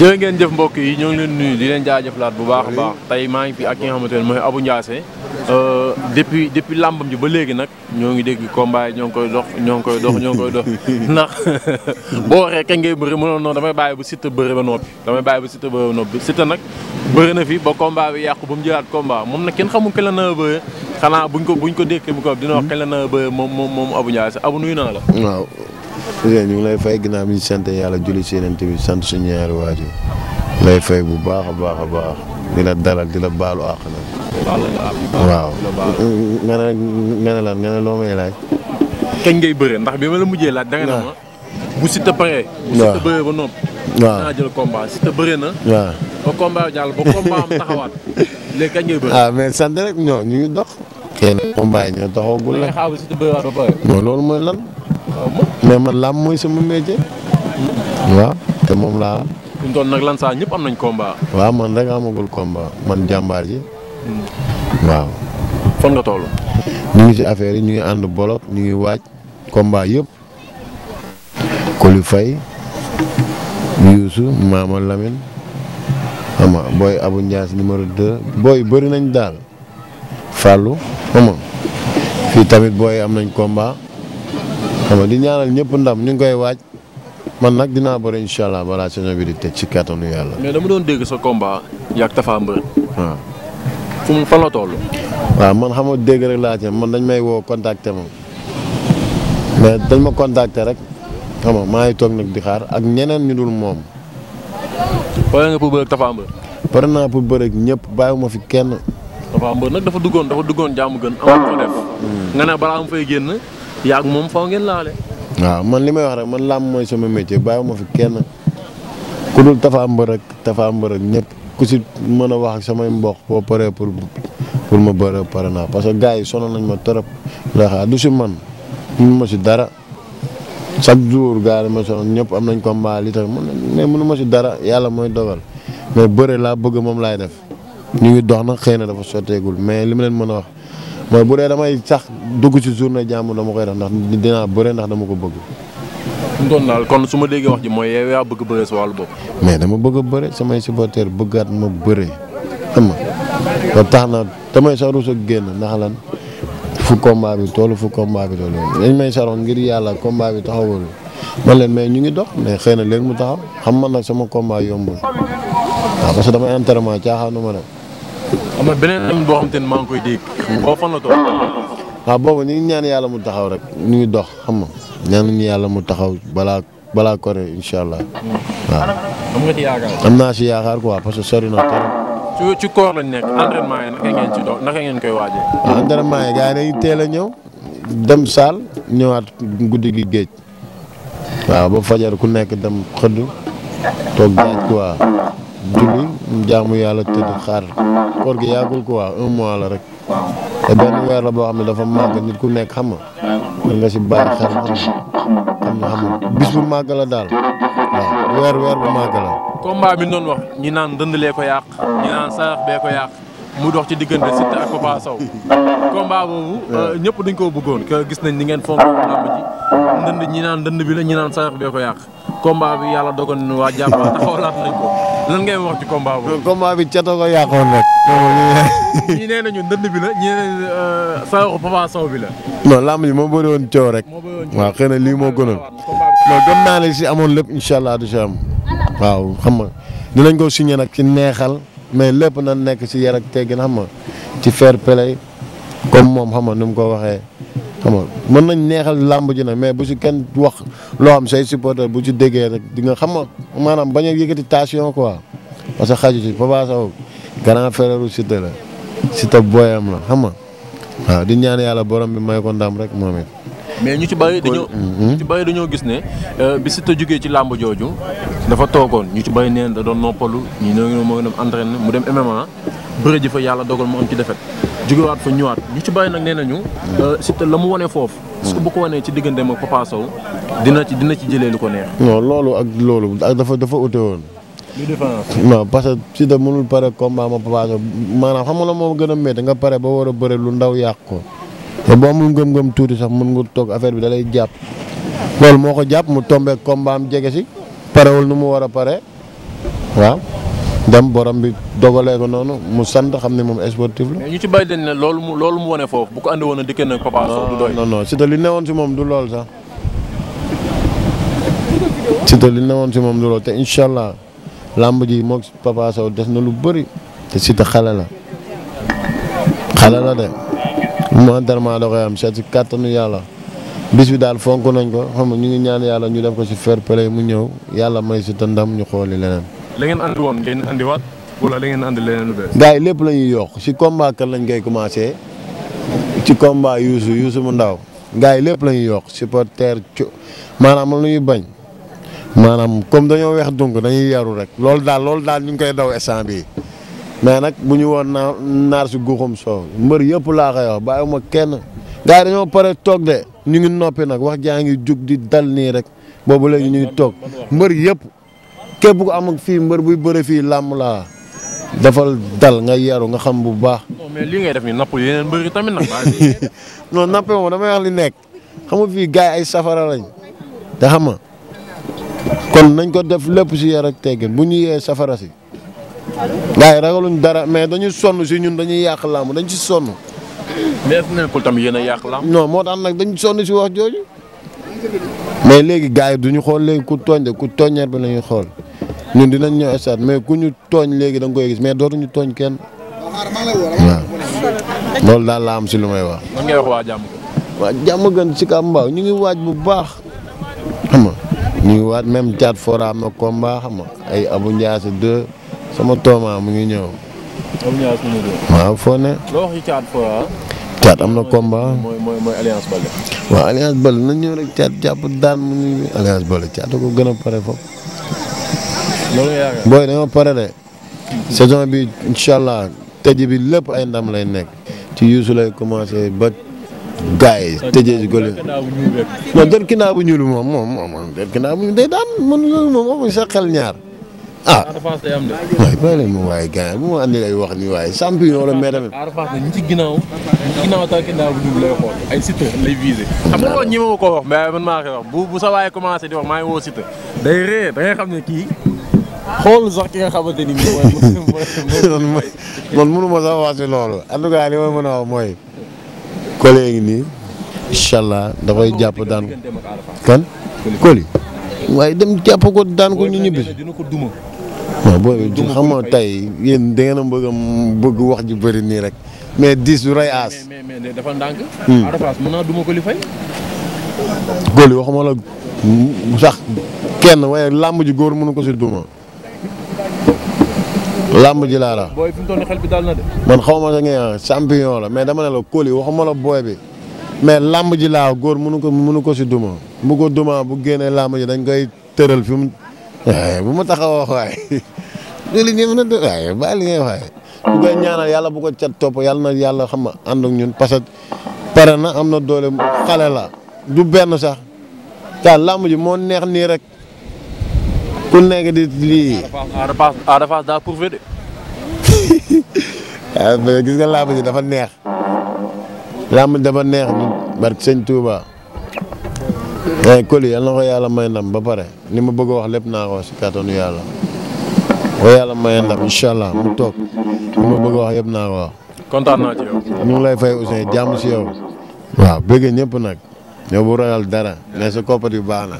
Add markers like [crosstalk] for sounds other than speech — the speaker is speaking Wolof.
jërë ngeen jëf mbokk yi ñoo ngi leen nuyu di leen jaajëflaat bu baax a baax tey maa ngi fi ak ki nga xamante mooy abu Ndiassé euh, depuis depuis làmbam ji ba léegi nag ñoo ngi dégg combat ñoo ngi koy dox ñoo ngi koy dox ñoo ngi koy dox [laughs] ndax [laughs] boo waxee kañ ngay bëri mënoon noonu damay bàyyi bu Siteu bëri ba noppi damay bàyyi bu Siteu bëri ba noppi Siteu nag bëri na fi ba combat bi yàqu ba mu jëlaat combat moom nag kenn xamu kañ la na bëre xanaa buñ ko buñ ko dékkee bu ko dina wax kañ la na bëre moom moom moom Abou Ndiassé Abou nuyu naa la waaw ñu ngi lay fay ginnaaw bi ñu sant yàlla julli si yeneen bi sant suñu ñaari waajur lay fay bu baax a baax a baax dina la dalal di la baalu àq nag. waaw nga ne nga lan nga loo may laaj. kañ ngay bëre ndax bi ma la mujjee laaj. da nga ma bu Siteu paree. bu Siteu bëree ba noppi. waaw ba combat jàll ba am taxawaat [laughs] léegi kañ ngay bëre. ah mais sant rek ñoo ñu dox. xëy na ñoo taxawagul la. xaaral loolu mooy lan. mais man làmb mooy sama métier. waaw te moom laa am. fi mu nag lan saa ñëpp am nañ combat. waaw man rek amagul combat man jàmbaar ji. waaw. fan nga toll. ñu ngi ci affaire yi ñu ngi ànd bolok ñu ngi waaj komba yépp Koli Faye Youssou Mama Lamine xam nga booy Abou Ndiass numéro booy bëri nañ daal Fallou xam fii tamit booy am nañ combat. xam nga di ñaanal ñëpp ndam ñu ngi koy waaj man nag dinaa bëri incha allah balaa saison bi di tëj ci kattanu yàlla. mais dama doon dégg sa combat yàgg Tapha Mbeur. waaw fu ma fan la toll. waaw man xam nga dégg rek laa man dañ may woo contacter ma mais dañ ma contacter rek xam nga maa ngi toog nag di xaar ak ñeneen ñu dul moom. pare nga pour bëre ak fi kenn. Tapha nag dafa duggoon dafa duggoon jàmm gën. def. nga ne balaa mu fay génn. yaag moom faw ngeen laale. waaw man li may wax rek man làmb mooy sama métier ma fi kenn ku dul Tapha Mbeur ak Tapha Mbeur ku si mën a wax samay mbokk boo paree pour pour ma bëre pare naa parce que gars yi sonal nañ ma trop ndax du si man mënu ma si dara chaque jour gars yi ma sonal ñëpp am nañ combat li tax mais mënu ma si dara yàlla mooy dogal mais bëre laa bëgg moom laay def ñu ngi dox na xëy na dafa sotteegul mais li ma leen mën a wax. mooy bu dee damay sax dugg ci journée jàmm dama koy def ndax dinaa bëre ndax dama ko bëgg. doon daal kon su ma wax ji mooy bëgg bëre sa wàllu bopp. mais dama bëgg a bëre samay supporters bëggaat ma bëre xam nga ba tax na damay may ruus ak génn ndax lan fu combat bi toll fu combat bi toll dañ may saroon ngir yàlla combat bi taxawul man leen mais ñu ngi dox mais xëy na léegi mu taxaw xam man nag sama combat yombul waaw parce que dama entraînement caaxaanu ma dem. xam beneen boo xam te ne maa ngi koy dégg. boo fan waaw boobu ñu ngi ñaan yàlla mu taxaw rek ñu ngi dox xam nga ñaanuñu yàlla mu taxaw balaa balaa Koré incha allah. waaw am naa si yaakaar quoi parce que sori na trop. ci koor lañ nekk naka ngeen ci dox naka ngeen koy waajee. waaw entraînement yi gars teel a ñëw dem saal ñëwaat guddi gi géej waaw ba fajar ku nekk dem xëdd toog géej quoi. julli jaamu yàlla tëdd xaar koor gi yàggul quoi un mois la rek te benn weer la boo xam ne dafa màgg nit ku nekk xam nga nga si bàyyi xel xam nga xam nga bis bu weer weer bu màgg la. combat bi ñi naan dëndalee ko yàq yàq mu dox ci diggante Siteu ak Papa Sow combat boobu euh, ñëpp dañ koo bëggoon que gis nañ ni ngeen fonk làmb ji ndënd ñi naan ndënd bi la ñi naan sarax yàq yàlla dogal na waa nañ ko. lan ngay wax ci combat boobu. combat bi ca ko yàqoon rek. [laughs] ñii nee nañu ndënd bi la ñii nee nañu euh, sa Papa Sow bi la. non làmb ji moo bëri woon coow rek. waaw xëy lii moo gënoon. non gëm naa ne si amoon lépp incha allah du si waaw xam nga dinañ ko si nag ci neexal mais lépp na nekk si yar ak teggin xam nga ci fair play comme moom xam nga mu ko waxee. xam mën nañ neexal làmb ji nag mais bu si kenn wax loo xam say supporter bu ci déggee rek di nga xam maanaam bañ a yëkkati tension quoi parce que xaju ci Papa Sow grand frère Siteu la Siteu booyam la xam nga waaw di ñaan yàlla borom bi may ko ndam rek moom it. mais ñu ci bari dañoo ñu hmm? ci bari dañoo gis ne euh, bi Siteu jógee ci làmb jooju dafa toogoon ñu ci bari neen da doon noppalu ñi mu dem MMA. bëre ji fa yàlla dogal mu am ci defet jógewaat fa ñëwaat ñu ci bàyyi nag nee nañu euh, Siteu la mu wane foofu parce que bu ko wanee ci digganteem ak Papa Sow dina ci dina ci jëlee lu ko neex non loolu ak loolu ak dafa dafa ute woon non parce que Siteu mënul pare combat ma Papa Sow maanaam xam nga la moo gën a métti nga pare ba war a bëre lu ndaw yàq ko te boo amul ngëm-ngëm tuuti sax mën nga toog affaire bi da lay jàpp loolu moo ko jàpp mu tombé combat am jege si parewul nu mu war a pare waaw dem borom bi dogalee ko noonu mu sant xam ne moom sportif la. ci bàyyi dañ loolu mu loolu mu wane foofu bu ko andi woon a dikkee nag Papa Sow du doy. non non Siteu newoon si moom du lool sax li newoon si moom du lool te incha allah làmb ji moog Papa Sow des na lu bëri te xale la xale la de mentalement da koy am seet si kàttanu yàlla bis bi daal fonk nañ ko xam nga ñu ngi ñaan yàlla ñu def ko si fair play mu ñëw yàlla may Siteu ndam ñu xooli leneen. la ngeen andi woon ngeen andiwaat wala la ngeen andi leneen lu bees. lépp la ñuy yokk si combat kan lañ koy commencé ci combat yuusu yuusu mu ndaw gars lépp la yokk supporter maanaam lu ñuy bañ maanaam comme dañoo weex donc dañuy yaru rek loolu daal loolu daal ñu ngi koy daw instant bi mais nag bu ñu woon naa naar si guuxum soow mbër yëpp laa koy wax bàyyiwuma kenn gars dañoo pare toog de ñu ngi noppi nag wax jaa ngi jug di dal nii rek boobu léegi ñu ngi toog mbër yëpp. képp ku am ak fii mbër buy bëre fii làmb laa dafal dal nga yaru nga xam bu baax. non mais li ngay def ni napp yeneen mbër yi tamit nag. [laughs] moom damay wax li nekk xam nga fii gars ay safara lañ te xam nga kon nañ ko def lépp si yar ak teggin bu ñu yee safara si gars yi dara mais dañu sonn si ñun dañuy yàq làmb dañ si sonn. mais est tam yéen a yàq làmb. non moo tax nag dañ sonn si wax jooju mais léegi gars yi du ñu xool léegi ku tooñ de ku tooñeer bi la xool. ñun dinañ ñëw stade mais ku ñu tooñ léegi danga nga koy gis mais dootuñu tooñ kenn. waaw loolu daal laa am si lu may wax. waa waa jàmm gën si Kapa Mbao ñu ngi waaj bu baax xam nga ñu ngi waaj même Thiat Fora am na combat xam nga ay tooma mu ngi ñëw. Abou foo ne. am na combat mooy mooy mooy Alliance Baldé. waaw Alliance Baldé ñëw rek Thiat jàpp daan mu ngi Alliance Baldé Thiat ko gën a pare foofu. booy dañoo pare de saison bi incha allah tëj bi lépp ay ndam lay nekk ci Youssou lay commencé ba gars yi tëjee si gole non jël kinaa bu ñuul moom moom moom jël kinaa bu ñuul day ñaar ah waaye bàyyi leen moom waaye gars yi bu ma andi ci ginnaaw bu ko wax sa waay commencé di wax maa woo Siteu xool sax ki nga xamante ni [laughs] mooy. man mënu ma sax wax si loolu en tout mën a wax mooy. collègue nii incha allah dafay jàpp daan ko kan. Coly waaye dem jàpp ko daan ko ñu ñibbi. waaw booy xam nga tey yéen da ngeen a bëgg a wax ju bëri nii rek mais diis du rey aas. mais mais hmm. waxuma la sax kenn waaye làmb ji góor mënu ko si duma. làmb ji laa la. man xaw ma da nga la mais dama ne la Coly waxuma la booy bi mais làmb ji laa góor mënu ko mënu ko si duma bu ko duma bu génnee làmb ji dañ koy tëral fi mu bu ma taxaw wax waaye loolu [laughs] ñëw na de waaye bàyyi li ngay waxee. bu koy ñaanal yàlla bu ko cat topp yàlla na yàlla xam nga ànd ak ñun parce que pare na am na doole xale la du benn sax ka làmb ji moo neex nii rek. ku nekk di lii. Ada laa Ada [laughs] ah, dafa neex. làmb ji dafa neex barke sëñ Touba. waaye eh, Coly yal na ko yàlla may ndam ba pare ni ma bëgg wax lépp naa ko si kàttanu yàlla. ko yàlla may ndam incha mu toog li ma bëgg wax yëpp naa ko wax. kontaan naa ci yow. ñu ngi lay fay jàmm si yow. waaw bëgg ñëpp nag. ñoo bu royal dara mais sa koppar yu baax na.